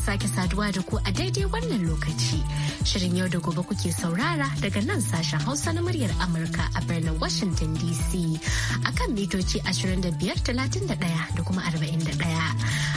sake saduwa da ku a daidai wannan lokaci. Shirin yau da gobe kuke saurara daga nan sashen Hausa na muryar Amurka a birnin Washington DC a kan mitoci 25, 31 da kuma 41.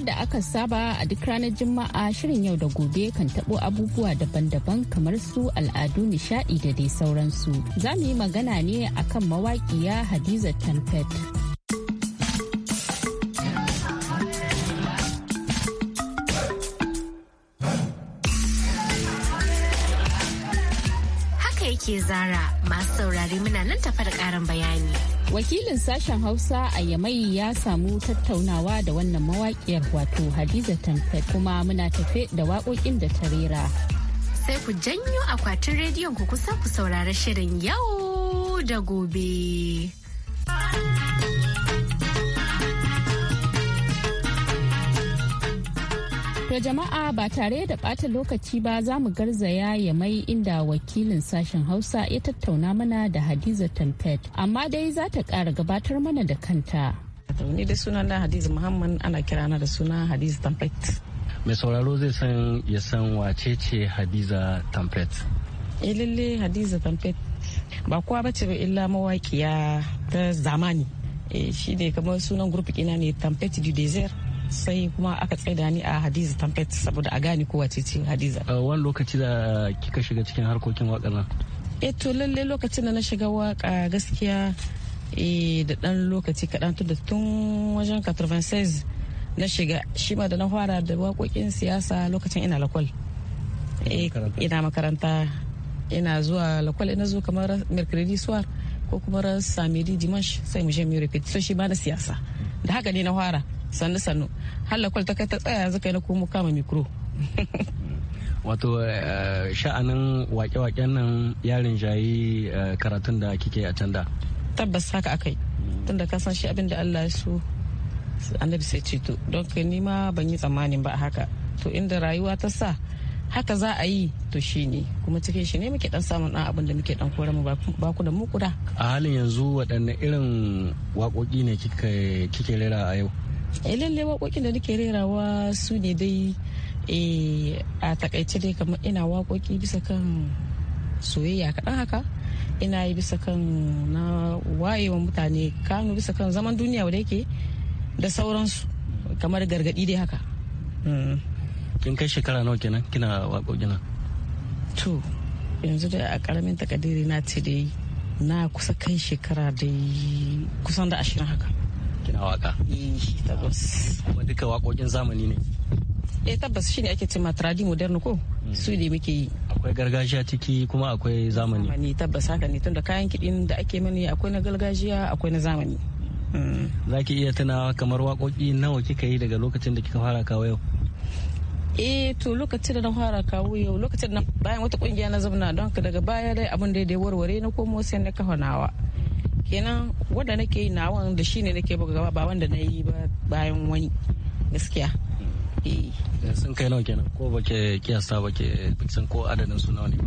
yadda aka saba a duk ranar Juma'a shirin yau da gobe kan tabo abubuwa daban-daban kamar su al'adu nishadi da dai sauransu. Za mu yi magana ne akan mawaƙiya Hadiza tamfet. ke zara masu saurari muna nan tafa da karin bayani. Wakilin sashen Hausa a Yamai ya samu tattaunawa da wannan mawaƙiyar wato Hadiza Tamfe kuma muna tafe da waƙoƙin da ta rera. Sai ku janyo akwatin rediyon ku kusa ku saurari shirin yau da gobe. To jama'a ba tare da ɓata lokaci ba za mu garzaya ya mai inda wakilin sashen Hausa ya tattauna mana da Hadiza Tempet, amma dai za ta ƙara gabatar mana da kanta. Ni da suna na Hadiza Muhammad ana kirana da suna Hadiza Tempet. Mai sauraro zai san ya san wace ce Hadiza Tempet. Eh Hadiza Tempet ba kowa bace ba illa mawaƙiya ta zamani. Eh shi ne kamar sunan gurfi ina ne Tempet du Desert. sai kuma aka tsaida ni a hadiza tamfet saboda a gane ko wace ce hadiza uh, wani lokaci da kika shiga cikin harkokin waƙar nan eh to lalle lokacin da na shiga waƙa gaskiya eh, da dan lokaci kaɗan tun da tun wajen 96 na shiga shi ma da na fara da waƙoƙin siyasa lokacin ina lakwal ina eh, makaranta ina zuwa lakwal ina zuwa kamar mercredi suwar ko kuma samedi dimash sai mu je mu repeat so shi ba na siyasa da haka ne na fara sannu sannu halakwal ta kai ta tsaya yanzu kai na komo kama mikro wato eh, sha'anin wake-waken nan yarin jayi eh, karatun da kike a can da tabbas haka akai mm. tunda ka san shi abin da Allah ya so annabi sai ceto don ka nima ban yi tsammanin ba haka to inda rayuwa ta sa haka za a yi to shi ne kuma cikin shi ne muke dan samun dan abin da muke dan kore mu ba ku da mu kuda a halin yanzu waɗanne irin waƙoƙi ne kike rera a yau a eh, lalle waƙoƙin da nake rerawa su ne dai eh, a takaice dai kamar ina waƙoƙi bisa kan soyayya kaɗan haka ina yi bisa kan na wayewa mutane kanu bisa kan zaman duniya da yake da sauransu kamar gargaɗi dai haka hmm. kin kai shekara nawa kenan kina na. to yanzu da a ƙaramin takadiri na ce dai na kusa kai shekara dai kusan da ashirin haka na waka tabbas kuma duka wakokin zamani ne eh tabbas shine ake ma tradi modern ko hmm. su ne muke yi akwai gargajiya ciki kuma akwai zamani zamani tabbas haka ne tunda kayan kiɗin da ake mani akwai na gargajiya akwai na zamani hmm. za ki iya tunawa kamar wakoki nawa kika yi daga lokacin da kika fara kawo yau eh to lokacin da na fara kawo yau lokacin da bayan wata kungiya na zauna don ka daga baya dai abin da ya warware na komo sai na kafa nawa kenan wanda nake yi na da shi ne nake buga gaba ba wanda na yi ba bayan wani gaskiya eh. Eh, sun kai nawa kenan ko bake kiyasta bake san ko adadin su nawa ne ba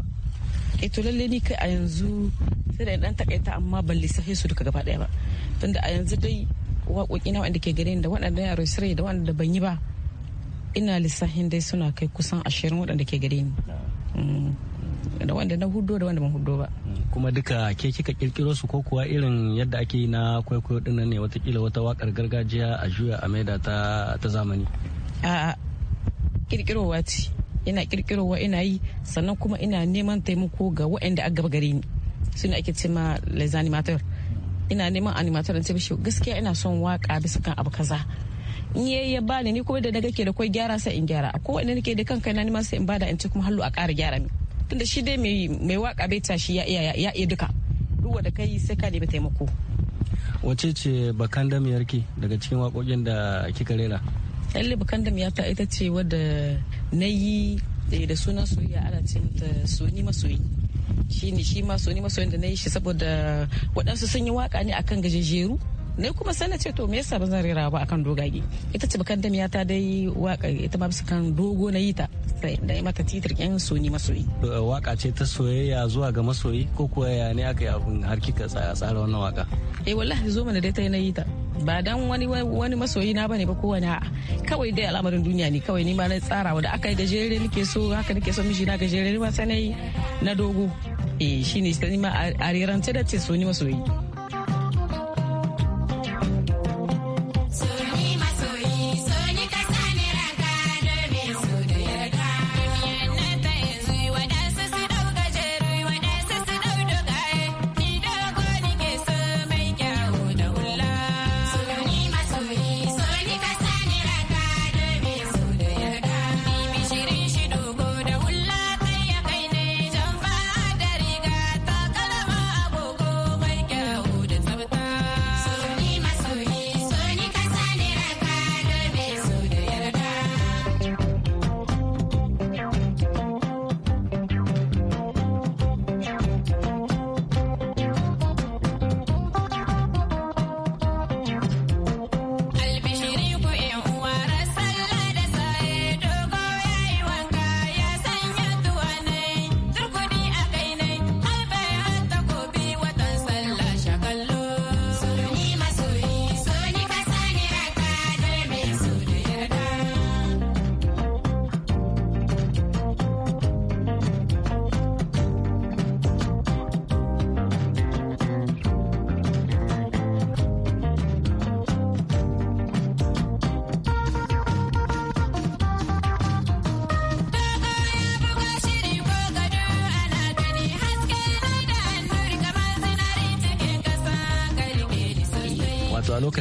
e to lalle ni kai a yanzu sai da dan takaita amma ban lissafe su duka gaba daya ba tunda a yanzu dai waƙoƙi na wanda ke gare ni da waɗanda yaro sirri da waɗanda ban yi ba ina lissafin dai suna kai kusan ashirin waɗanda ke gare ni da wanda na hudo da wanda ban hudo ba hmm, kuma duka ke kika kirkiro su ko kuwa irin yadda ake yi na kwaikwayo dinnan ne watakila wata wakar gargajiya a juya a maida ta ta zamani a kirkiro ce ina wa ina yi sannan kuma ina neman taimako ga waɗanda a gaba gare ni su ne ake ce ma les animateur ina neman animateur in ce bishiyu gaskiya ina son waka bisa kan abu kaza in yi ya bani ni kuma da daga ke da kwai gyara sai in gyara akwai wanda nake da kanka na neman sai in bada in ce kuma hallu a ƙara gyara min tunda shi dai mai mai waka bai tashi ya iya ya iya duka duk da kai sai ka nemi taimako wace ce bakan damiyarki daga cikin wakokin da kika rera lalle bakan damiyata ita ce wadda na yi eh, da sunan soyayya ana ce mata soni masoyi shi ne shi ma soni masoyin da na yi shi saboda waɗansu sun yi waka ne akan gajejeru ne kuma sai na ce to me yasa ba zan rera ba akan dogage ita ce bakan damiya ta dai waka ita ma bisa kan dogo na yi ta da mata titir yan soni masoyi eh, waka ce ta soyayya zuwa ga masoyi ko kuwa ya ne aka yi abun har kika tsaya tsara wannan waka eh wallahi zo mana dai ta na yi ta ba dan wani wani masoyi na bane ba kowane a kawai dai al'amarin duniya ne kawai ni ma na wa da aka yi gajere nake so haka nake so miji na gajere ma sanai na dogo eh shine sai ma a rerance da ce so ni masoyi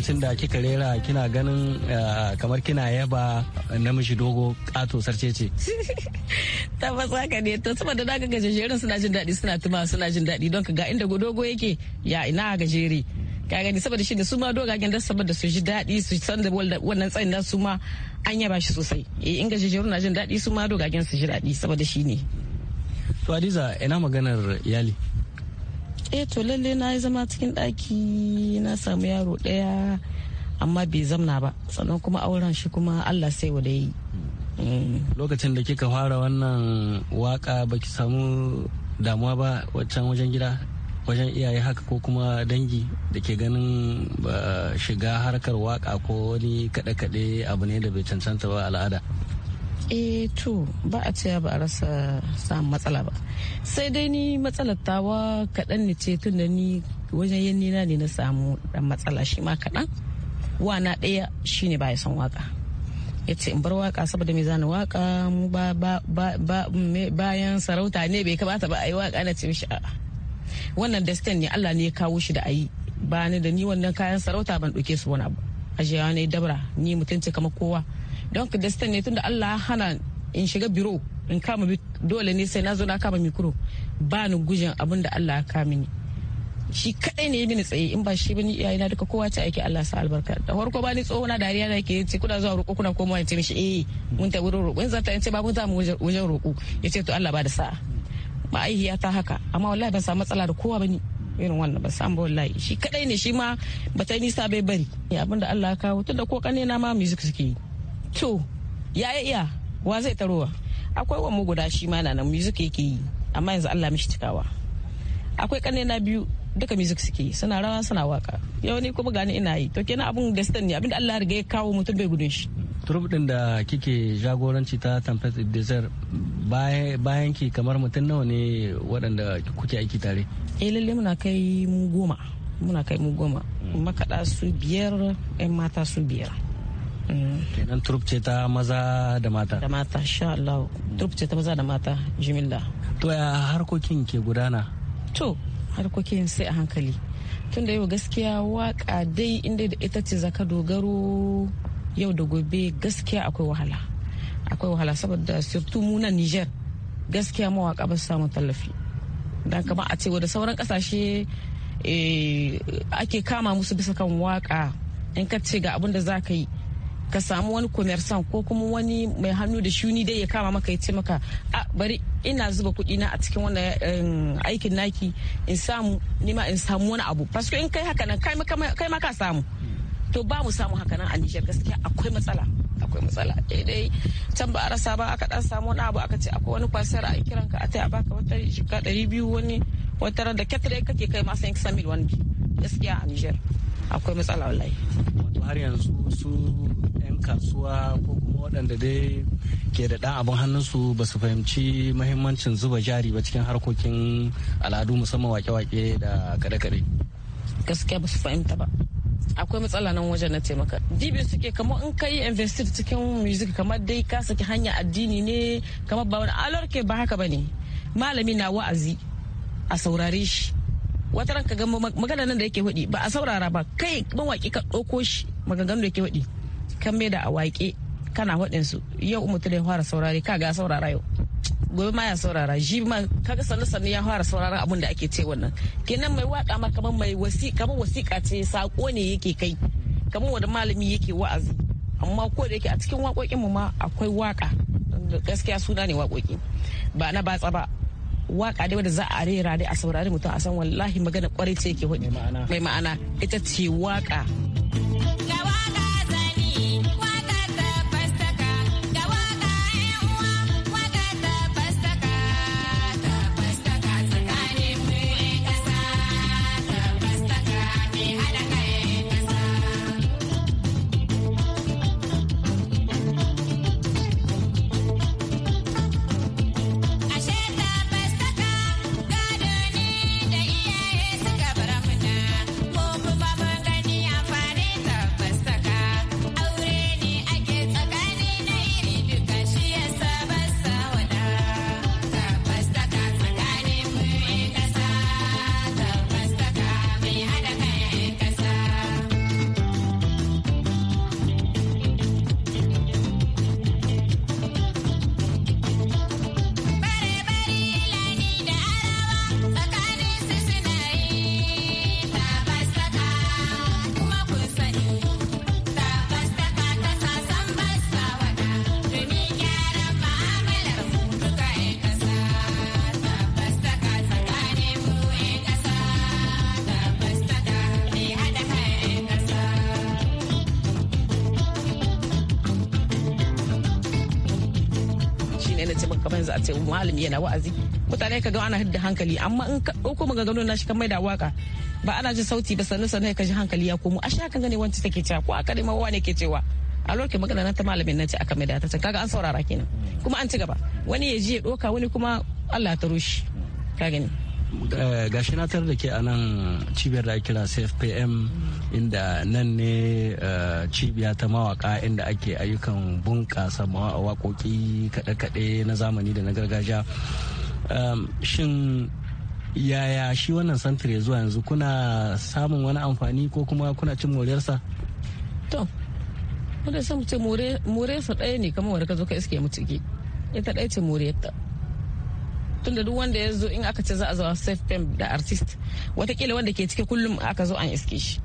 lokacin da kika rera kina ganin eh, kamar kina yaba namiji dogo kato sarce ce tabbas ka ne to saboda na ga gajejerin suna jin daɗi suna tuma suna jin daɗi don ka ga inda dogo yake ya ina gajere ka gani saboda shi da su ma dogagen da saboda su ji daɗi su san da wannan tsayin na su ma an yaba shi sosai eh, in gajejerin na jin daɗi su ma dogagen su ji daɗi saboda shi ne to adiza ina maganar iyali eh to lalle na yi zama cikin ɗaki na samu yaro ɗaya amma bai zamna ba sannan kuma auren shi kuma allah sai wa da yi mm. lokacin da kika fara wannan waka baki samu damuwa ba waccan wajen gida wajen iyaye haka ko kuma dangi da ke ganin shiga harkar waka ko wani kaɗe-kaɗe abu ne da bai cancanta ba al'ada eh to ba a cewa ba a rasa samun matsala ba sai dai ni matsalar tawa kaɗan ne ce tun da ni wajen yin nina ne na samu dan matsala shi ma kaɗan wana ɗaya ne ba ya son waka ya ce in bar waka saboda mai zana waka mu bayan sarauta ne bai kamata ba a yi waka na ce mishi a'a wannan destin ne Allah ne ya kawo shi da ayi ba ni da ni wannan kayan sarauta ban ɗauke su wani abu ajiyawa ne dabra ni mutunci kamar kowa don ka destin ne da Allah hana in shiga biro in kama dole ne sai na zo na kama mikro ba ni gujin abin da Allah ya kama ni shi kadai ne ya mini tsaye in ba shi bani iyayena duka kowa ta aiki Allah sa albarka da farko ba ni tsohona dariya da ke ce kuna zuwa roƙo kuna komawa ce mishi eh mun ta wurin roƙo in zata in ce ba mun za mu wajen roƙo ya ce to Allah ba da sa'a ma'aihiya ta haka amma wallahi ban samu matsala da kowa bane irin wannan ba san ba wallahi shi kadai ne shi ma ta nisa bai bari abinda Allah ya kawo tunda ko kanena ma music suke yi to ya iya wa zai tarowa akwai wa mu guda shi mana na nan music yake yi amma yanzu Allah mishi cikawa akwai kanne na biyu duka music suke suna rawa suna waka yau ni kuma gani ina yi to kenan abun destin ne abinda Allah riga ya kawo mutum bai gudun shi turup din da kike jagoranci ta tempest desert bayan ki kamar mutum nawa ne waɗanda kuke aiki tare eh lalle muna kai mu goma muna kai mu goma makaɗa su biyar 'yan mata su biyar kenan trup ce ta maza da mata da mata sha Allah trup ce ta maza da mata jimilla to ya harkokin ke gudana to harkokin sai a hankali tun da yau gaskiya waka dai inda da ita ce zaka dogaro yau da gobe gaskiya akwai wahala akwai wahala saboda surtu mu na Niger gaskiya mawaka ba samu tallafi dan kama a ce da sauran kasashe eh, ake kama musu bisa kan waka in ka ce ga abin da za ka yi ka samu wani commerçant ko kuma wani mai hannu da shuni dai ya kama maka ya ce maka a bari ina zuba kuɗi na a cikin wannan aikin naki in samu nima in samu wani abu paske in kai haka nan kai ma ka samu to ba mu samu haka nan a Nijar gaskiya akwai matsala akwai matsala daidai eh can ba a rasa ba aka dan samu wani abu aka ce akwai wani kwasar a kiran ka a taya baka wata shiga ɗari biyu wani wata da ketare kake kai ma sai ka sami wani gaskiya a Nijar akwai matsala wallahi har yanzu su 'yan kasuwa ko kuma waɗanda dai ke da ɗan abin hannunsu ba su fahimci mahimmancin zuba jari ba cikin harkokin al'adu musamman wake-wake da kare kare. gaskiya ba su fahimta ba akwai matsala nan wajen na taimaka dibi suke kamar in kai investir cikin music kamar dai ka saki hanya addini ne kamar ba wani alor ke ba haka ba ne malami na wa'azi a saurare shi wata ranka ga magana nan da yake hudi ba a saurara ba kai mawaki ka ɗauko shi maganganu da yake hudi kan mai da a waƙe kana hudin yau mutum ya fara saurare ka ga saurara yau gobe ma ya saurara shi ma kaga sannu sannu ya fara saurara abin da ake ce wannan kenan mai waka ma kamar mai wasi kamar wasiƙa ce sako ne yake kai kamar wanda malami yake wa'azi amma ko da yake a cikin waƙoƙin mu ma akwai waka gaskiya suna ne waƙoƙi ba na batsa ba waka dai wanda za a rera dai a saurari mutum a san wallahi magana kwarai ce ke hudu mai ma'ana ita ce waka yanzu a ce umm, malami yana wa'azi mutane ka ga ana hidda hankali amma in ka ɗauko maganganun nashi kan maida waka ba ana ji sauti ba sannu sannu ka ji hankali ya komo a sha kan gane wancan take cewa ko aka nema wane ke cewa a lokacin magana na ta malamin na ce aka maida ta ce kaga an saurara kenan kuma an ci gaba wani ya ji ya ɗoka wani kuma Allah ta rushe ka gani Eh, gashi na tar da ke a nan cibiyar da kira cfpm inda nan ne eh, cibiya ta mawaka inda ake ayyukan bunƙasa waƙoƙi kaɗe-kaɗe na zamani da na gargajiya shin yaya shi wannan santire zuwa yanzu kuna samun wani amfani ko kuma kuna cin moriyarsa to wanda sai mu ce moriyarsa ɗaya ne kamar wadda ka zo ka iske mutu ciki ita ɗaya ce moriyarta tunda duk wanda ya zo in aka ce za a zawa safe fam da artist watakila wanda ke cike kullum aka zo an iske shi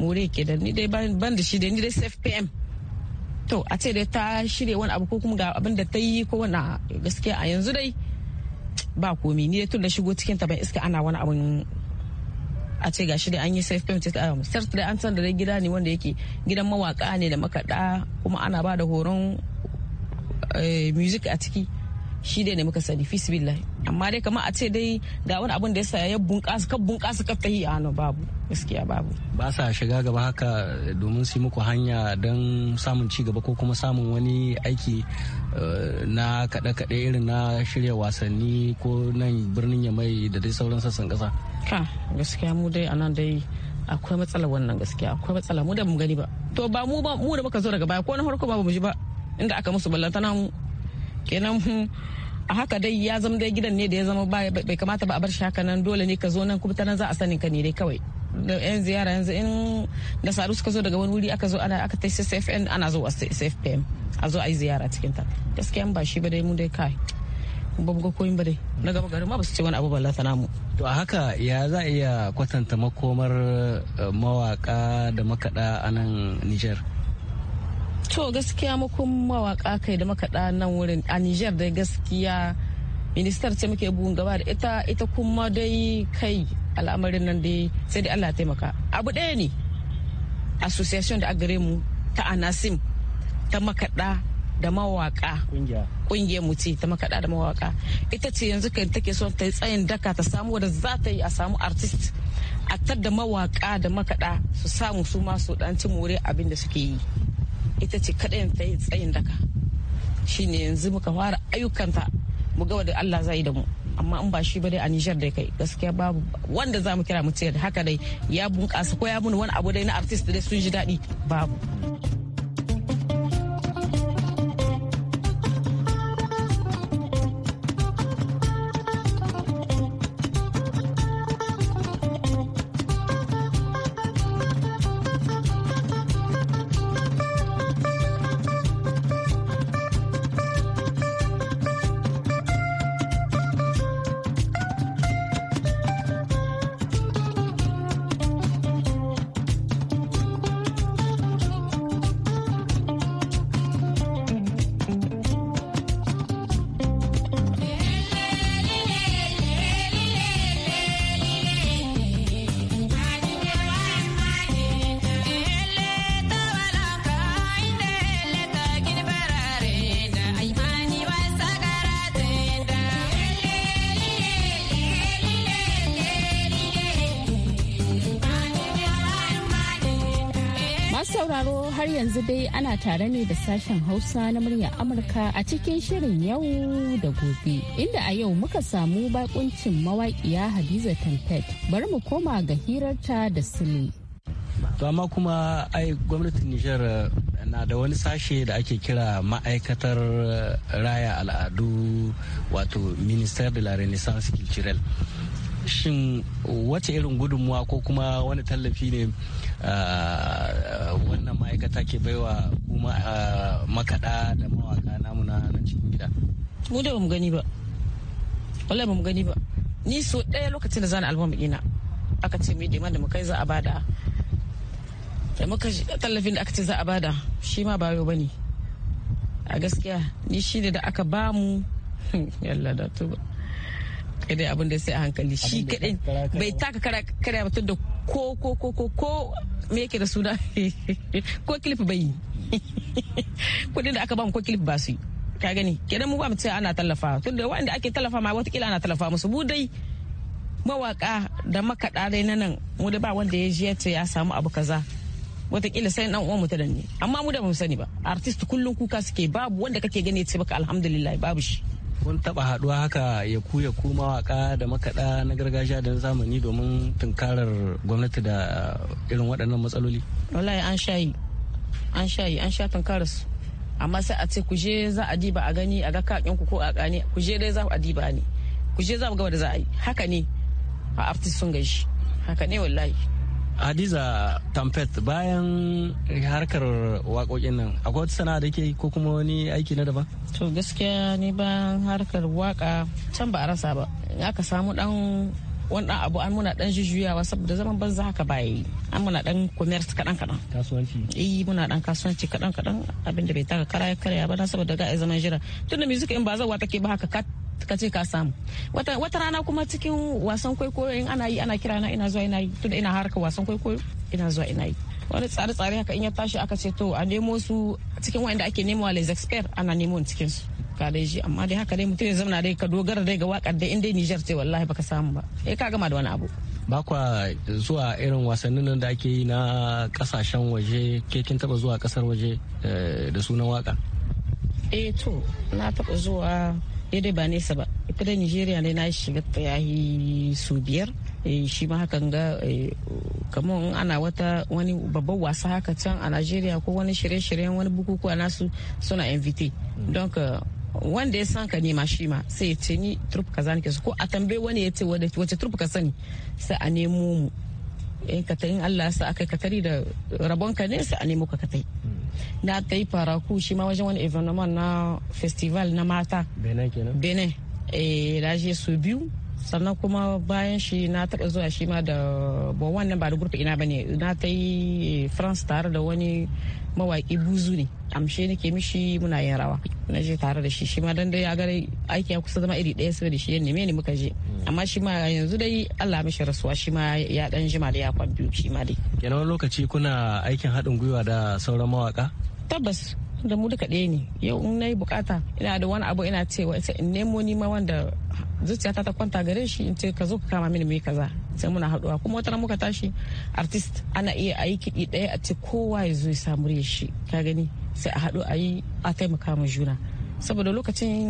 more ke da ni dai ban da shi dai ni dai safe pm to a ce dai ta shirya wani abu ko kuma ga abin da ta yi ko wani gaskiya a yanzu dai ba komi ni dai tun da shigo cikin ta ban iska ana wani abun a ce gashi dai an yi safe payment ta um, dai an san da gida ne wanda yake gidan mawaka ne da makaɗa kuma ana ba da horon eh, music a ciki shi dai ne muka sani fisbillah amma dai kama a ce dai ga wani abin da ya saya ya bunƙasa ka bunƙasa ka tahi a hannu babu gaskiya babu ba sa shiga gaba haka domin su muku hanya don samun ci gaba ko kuma samun wani aiki eh, na kaɗe-kaɗe irin na shirya wasanni ko nan birnin ya mai da dai sauran sassan ƙasa ka gaskiya mu dai anan dai akwai matsala wannan gaskiya akwai matsala mu da mu gani ba to ba mu ba mu da muka zo daga baya ko na farko ba mu ji ba inda aka musu ballantana mu kenan a haka dai ya zama dai gidan ne da ya zama bai kamata ba a bar shi haka nan dole ne ka zo nan kuma ta nan za a sanin ka ne dai kawai da yan ziyara yanzu in da saru suka zo daga wani wuri aka zo ana aka tai CFN ana zo a CFPM a zo a yi ziyara cikin ta gaskiya ba shi ba dai mu dai kai ba mu ga koyin ba dai na gaba garin ma ba su ce wani abu ba lata namu to a haka ya za a iya kwatanta makomar eh, mawaka da makada a nan Niger to gaskiya makon mawaka kai da makaɗa nan wurin a niger dai gaskiya ministar ce muke bugun gaba da ita ita kuma dai kai al'amarin nan dai sai dai allah taimaka abu ɗaya ne association da agare mu ta anasim ta makaɗa da mawaka kungiyar mu ce ta makaɗa da mawaka ita ce yanzu kai take son ta yi tsayin daka ta samu da za ta yi a samu artist a tar da mawaka da makaɗa su samu su masu su ɗan ci more abin da suke yi ita ce kaɗai ta yi tsayin daka shine yanzu muka fara ayyukanta mu ga da Allah zai da mu amma in ba shi ba dai a Nijar da kai gaskiya babu wanda za mu kira mu ce haka dai ya bunƙasa ko ya muni wani abu dai na artist dai sun ji daɗi babu yanzu dai ana tare ne da sashen Hausa na muryar Amurka a cikin shirin yau da gobe. Inda a yau muka samu bakuncin mawaƙiya Hadiza Tempet. Bari mu koma ga hirarta da Sule. To amma kuma ai gwamnatin Nijar eh, na da wani sashe da ake kira ma'aikatar eh, raya al'adu wato Minister de la Renaissance Culturelle. shin wace irin gudunmuwa ko kuma wani tallafi ne ah, wannan ma'aikata ke baiwa kuma ah, makaɗa da mawaka namu na cikin gida mu da bamu gani ba wallahi bamu gani ba ni so ɗaya lokacin da zana album ina aka ce mai da mu kai za a bada da muka tallafin da aka ce za a bada shi ma bayo ba ne a gaskiya ni shi ne da aka bamu yalla da tuba kai dai abin da sai a hankali shi kadai bai taka kara kara mutum da ko ko ko ko ko me yake da suna ko kilif bai yi kudin da aka ba mu ko kilif ba su yi ka gani kenan mu ba mu ce ana tallafa tunda wanda ake tallafa ma watakila ana tallafa musu mu dai mawaka da makada dai na nan mu da ba wanda ya je ce ya samu abu kaza watakila sai dan uwan mutanen ne amma mu da ba mu sani ba artist kullun kuka suke babu wanda kake gani ce baka alhamdulillah babu shi kun taba haduwa haka ya ku ya kuma waka da makaɗa na gargajiya da na zamani domin tunkarar gwamnati da irin waɗannan matsaloli wallahi an yi an yi an sha tunkarar su amma sai a ce ku je za a diba a gani a ga kakin ku ko a gane ku je dai za a diba ne ku je za mu ga wanda za a yi haka ne a artist sun gaji haka ne wallahi hadiza tampet bayan harkar waƙoƙin nan akwai wata sana'a da ke ko kuma wani aiki na daban to gaskiya ni bayan harkar waka can ba a rasa ba aka samu dan wani dan abu an muna dan jujjuyawa saboda zaman banza haka ba yi an muna dan commerce kadan kadan kasuwanci eh muna dan kasuwanci kadan kadan abinda bai taka kara karya ba na saboda ga zaman jira tunda music in ba zawa take ba haka ka ce ka samu wata rana kuma cikin wasan kwaikwayo in ana yi ana kira na ina zuwa ina yi tun ina harka wasan kwaikwayo ina zuwa ina yi wani tsare-tsare haka in ya tashi aka ce to a nemo su cikin wanda ake nemawa les expert ana nemo cikin su ka dai shi amma dai haka dai mutum ya zama dai ka dogara dai ga wakar dai in dai Niger ce wallahi baka samu ba eh ka gama da wani abu ba kwa zuwa irin wasannin da ake yi na kasashen waje ke kin taba zuwa kasar waje eh, da sunan waka eh to na taba zuwa daidai eh, ba nesa ba ita da nigeria ne na shiga yahi su biyar eh, shi ma hakan ga eh, kamar ana wata wani babban wasa haka can a nigeria ko wani shirye-shiryen wani bukukuwa nasu suna invite don ka wanda ya san ka nema shi ma sai ya ce ni trup kaza nake su ko a tambaye wani ya ce wace trup ka sani sai a nemo mu Eh, in ka yin Allah sa aka ka tari da rabon ka ne sai a nemo ka kai na kai faraku shi ma wajen wani evenement na festival na mata benin kenan benin eh, da su biyu sannan kuma bayan shi na taɓa zuwa shi ma da ba wannan ba da gurfa ina bane na ta yi france tare da wani mawaƙi buzu ne amshe nake mishi muna yin rawa na je tare da shi shi ma dan dai ya aiki ya kusa zama iri ɗaya da shi ya neme ne muka je amma shi ma yanzu dai Allah mishi rasuwa shi ma ya dan jima da ya kwan biyu shi ma dai kenan lokaci kuna aikin haɗin gwiwa da sauran mawaka tabbas da mu duka ɗaya ne yau in na yi bukata ina da wani abu ina cewa ita in nemo ni ma wanda zuciyata ta kwanta gare shi in ce ka zo ka kama mini mai kaza sai muna haɗuwa kuma wata muka tashi artist ana iya a yi kiɗi ɗaya a ce kowa ya zo ya samu shi ka gani sai a haɗu a yi a taimaka mu juna saboda lokacin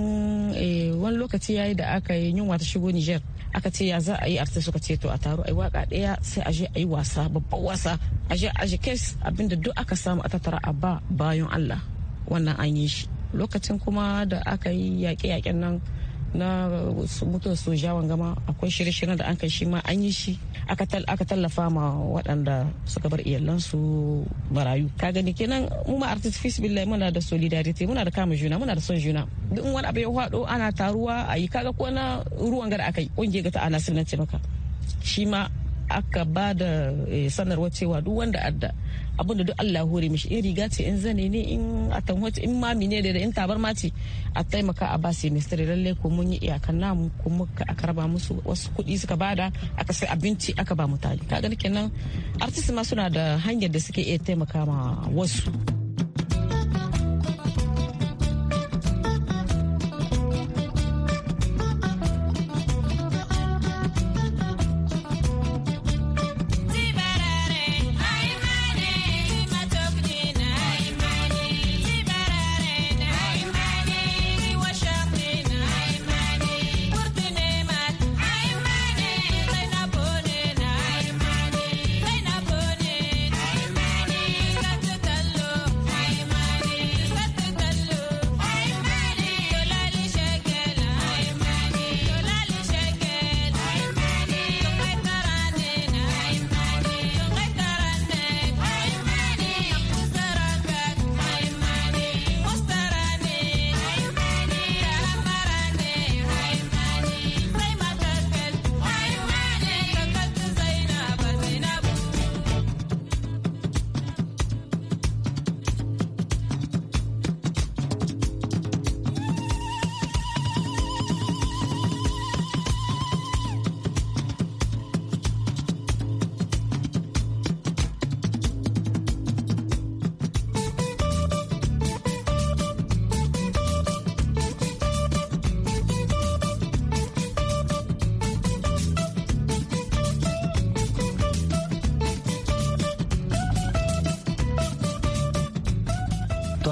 eh, wani lokaci yayi da aka yi yunwa ta shigo Niger aka ce ya za a yi artist suka ce to a taro a yi waka daya sai a je a yi wasa babban wasa a je a je kes abinda duk aka samu a tattara a ba bayan Allah wannan an yi shi lokacin kuma da aka yi yaƙe-yaƙen nan na su sojawan gama akwai shirye-shiryen da an kai shi ma an yi shi aka tallafa ma waɗanda suka bar iyalansu marayu ka gani kenan mu ma artist fis billahi muna da solidarity muna da kama juna muna da son juna duk wani abu ya hwado ana taruwa a yi kaga ko na ruwan gada aka yi ƙungiyar ga ta ana sunan maka shi ma aka ba da eh, sanarwa cewa duk wanda adda abinda duk Allah hore mishi in riga ce in zane ne in atanwace in mami ne da in ma ce a taimaka a ba sai mistari lalle ko mun yi iyakan namu ko muka aka raba musu wasu kuɗi suka bada aka sai abinci aka ba mutane kaga kenan artist ma suna da hanyar da suke iya taimaka ma wasu.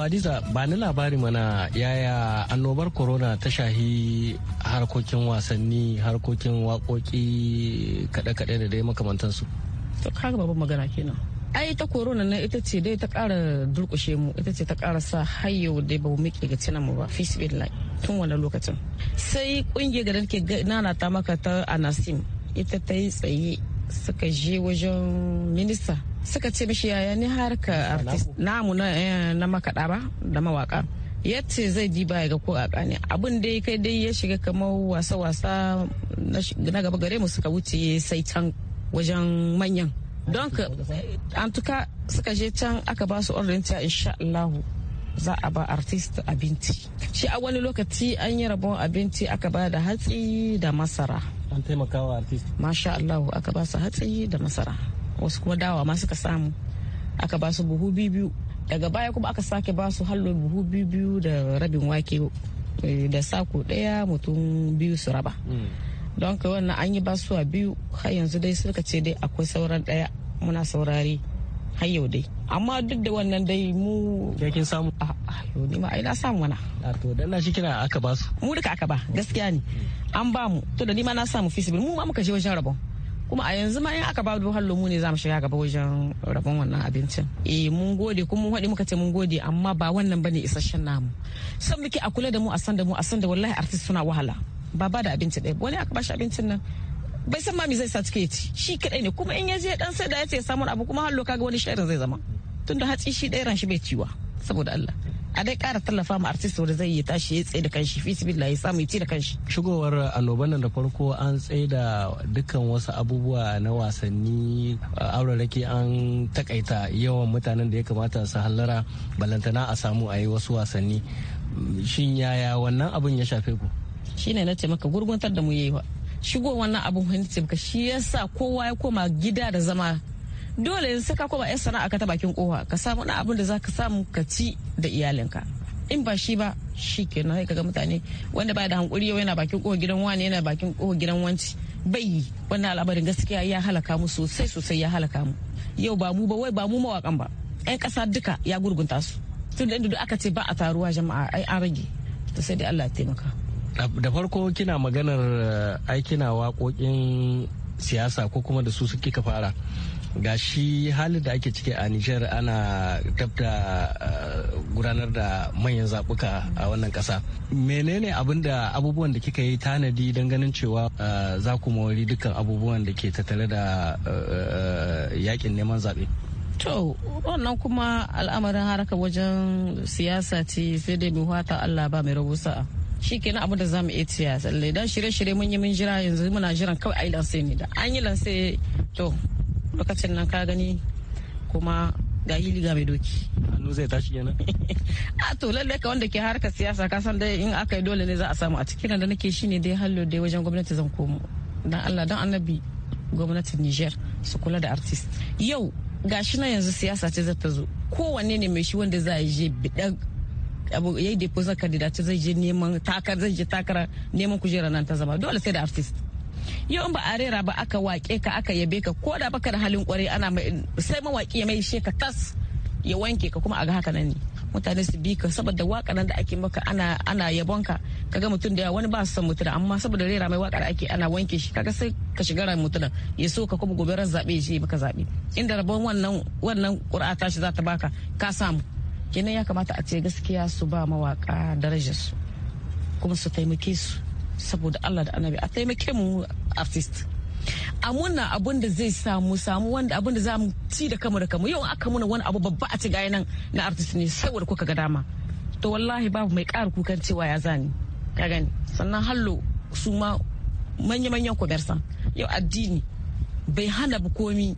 Hadiza ba ni labari mana yaya annobar corona ta shahi harkokin wasanni harkokin waƙoƙi kaɗe-kaɗe da dai makamantansu. To kaga babban magana kenan. ai ta corona na ita ce dai ta ƙara durƙushe mu ita ce ta ƙara sa hayo dai ba mu ga cinan mu ba fisbillah tun wannan lokacin sai ƙungiyar da nake nana ta maka ta anasim ita ta yi tsaye suka je wajen minista suka ce mishi yaya ni harka artist namu na eh, makada ba da mawaka yace zai diba ya ga ko a kane abin dai kai dai ya shiga kamar wasa-wasa na gaba gare mu suka wuce sai can wajen manyan don ka an suka je can aka ba su ordin ta insha Allah za a ba artist abinci shi a wani lokaci an yi rabon abinci aka ba da hatsi da masara an taimaka wa artist masha Allah aka ba su hatsi da masara wasu kuma dawa ma suka samu aka ba su buhu biyu daga baya kuma aka sake ba su hallo buhu biyu da rabin wake eh, da sako daya mutum biyu su raba hmm. don kai wannan an yi a biyu har yanzu dai suka ce dai akwai sauran daya muna saurari har yau dai amma duk da wannan dai mu ya kin samu a yau ne ma ai na samu wana a ah, to dan na shi kina aka ba su mu duka aka ba gaskiya ne hmm. an ba mu to da ni ma na samu fisibil mu ma muka je wajen rabon kuma a yanzu ma in aka ba da hallo mu ne za mu shiga gaba wajen rabon wannan abincin eh mun gode kuma mun haɗi muka ce mun gode amma ba wannan bane isasshen namu san muke a kula da mu a san da mu a san da wallahi artist suna wahala ba ba da abinci ɗaya wani aka ba shi abincin nan bai san ma me zai sa cike ci shi kadai ne kuma in ya je dan sai da ya ce samun abu kuma hallo kaga wani shirin zai zama tunda hatsi shi ɗaya ran shi bai ciwa saboda Allah a dai kara tallafa ma artist wanda zai yi tashi ya tsaye da kanshi bismillah ya samu ya da kanshi shigowar annoban nan da farko an tsaye da dukkan wasu abubuwa na wasanni aurarake an takaita yawan mutanen da ya kamata su hallara balantana a samu a yi wasu wasanni shin yaya wannan abin ya shafe ku shine na ce maka gurguntar da mu wa shigo wannan abin hanci shi yasa kowa ya koma gida da zama dole sai ka koma yan sana'a ka ta bakin kowa ka samu na abin da za ka samu ka ci da iyalinka in ba shi ba shi kenan na mutane wanda ba da hankuri yau yana bakin kowa gidan wani yana bakin kowa gidan wanci bai yi wannan al'amarin gaskiya ya halaka mu sosai sosai ya halaka mu yau ba mu ba wai ba mu mawakan ba yan kasa duka ya gurgunta su tun da duk aka ce ba a taruwa jama'a ai an rage to sai dai Allah taimaka da farko kina maganar eh, aikina wakokin waƙoƙin siyasa ko kuma da su suke ka fara ga shi halin da ake ciki a Nijar ana dab da eh, gudanar da manyan zabuka a wannan kasa. Menene abin da abubuwan da kika yi tanadi don ganin cewa eh, za ku mawari dukkan abubuwan da ke tattare da eh, yakin neman zaɓe? To, wannan kuma al'amarin haraka wajen siyasa ce sai dai mai Allah ba mai rabu shi kenan abin da zamu iya tiya lallai shirye-shirye mun yi mun jira yanzu muna jiran kawai ayi lanse ne da an yi lanse to lokacin nan ka gani kuma ga hili ga mai doki hannu zai tashi yana. a ah, to lallai ka wanda ke harkar siyasa ka san dai in aka yi dole ne za a samu a cikin da nake shine dai hallo dai wajen gwamnati zan komo dan Allah dan annabi gwamnatin Niger su kula da artist yau gashi na yanzu siyasa ce zata zo kowanne ne mai shi wanda za a je bidan abu yayi deposit candidate zai je neman takar zai je takara neman kujera nan ta zama dole sai da artist yau in ba a rera ba aka wake ka aka yabe ka ko da baka da halin kwarai ana sai mawaƙi ya mai ka tas ya wanke ka kuma a ga haka nan ne mutane su bi ka saboda waka nan da ake maka ana ana yabon ka kaga mutum da wani ba su san mutum amma saboda rera mai waka da ake ana wanke shi kaga sai ka shiga ran mutum ya so ka kuma gobe ran zabe shi maka zabe inda rabon wannan wannan qur'a ta shi za ta baka ka samu kenan ya kamata a ce gaskiya su ba mawaka darajar su kuma su taimake su saboda Allah da annabi a taimake mu artist a muna abun da zai samu samu wanda abun da za mu ci da kamu da kamu yau aka muna wani abu babba a ci gaya nan na artist ne saboda kuka ga dama to wallahi babu mai ƙara kukan cewa ya zani ka gani sannan hallo su ma manya-manyan kwamersan yau addini bai hana ba komi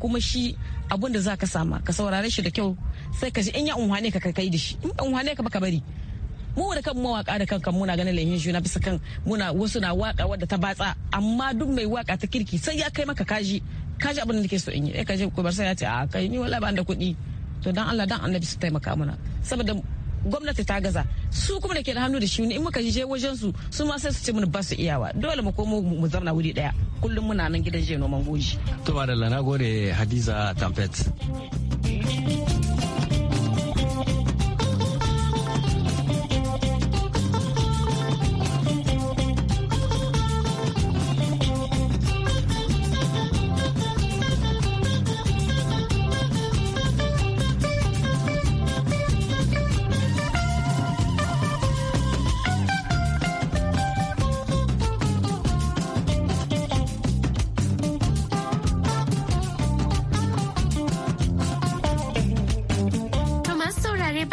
kuma shi abun da za ka sama ka saurare shi da kyau sai ka ji in ya unhane ka kai da shi in unhane ka baka bari mu da kan mawaka da kankan muna ganin lemin juna bisa kan muna wasu na waka wadda ta batsa amma duk mai waka ta kirki sai ya kai maka kaji kaji abin da nake so in yi eh, ka ko bar sai ya ce a ah, kai ni wallahi ba da kuɗi to dan Allah dan Annabi su taimaka mana saboda gwamnati ta gaza su kuma da ke da hannu da shi in muka je wajen su su ma sai su ce mana ba su iyawa dole mu komo mu zauna wuri daya kullum muna nan gidan je noman goji to madalla na gode hadiza tampet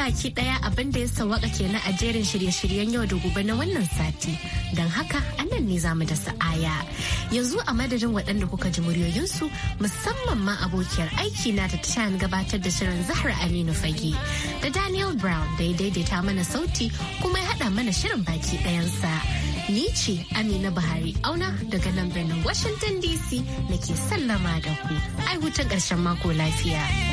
baki daya abin da ya sawaka kenan a jerin shirye-shiryen yau da gobe na wannan sati don haka anan ne zamu da sa'aya yanzu a madadin waɗanda kuka ji muryoyinsu musamman ma abokiyar aiki na ta tashan gabatar da shirin zahra aminu fage da daniel brown da ya daidaita mana sauti kuma ya haɗa mana shirin baki ɗayansa ni ce amina buhari auna daga nan birnin washington dc nake sallama da ku ai wuta ƙarshen mako lafiya.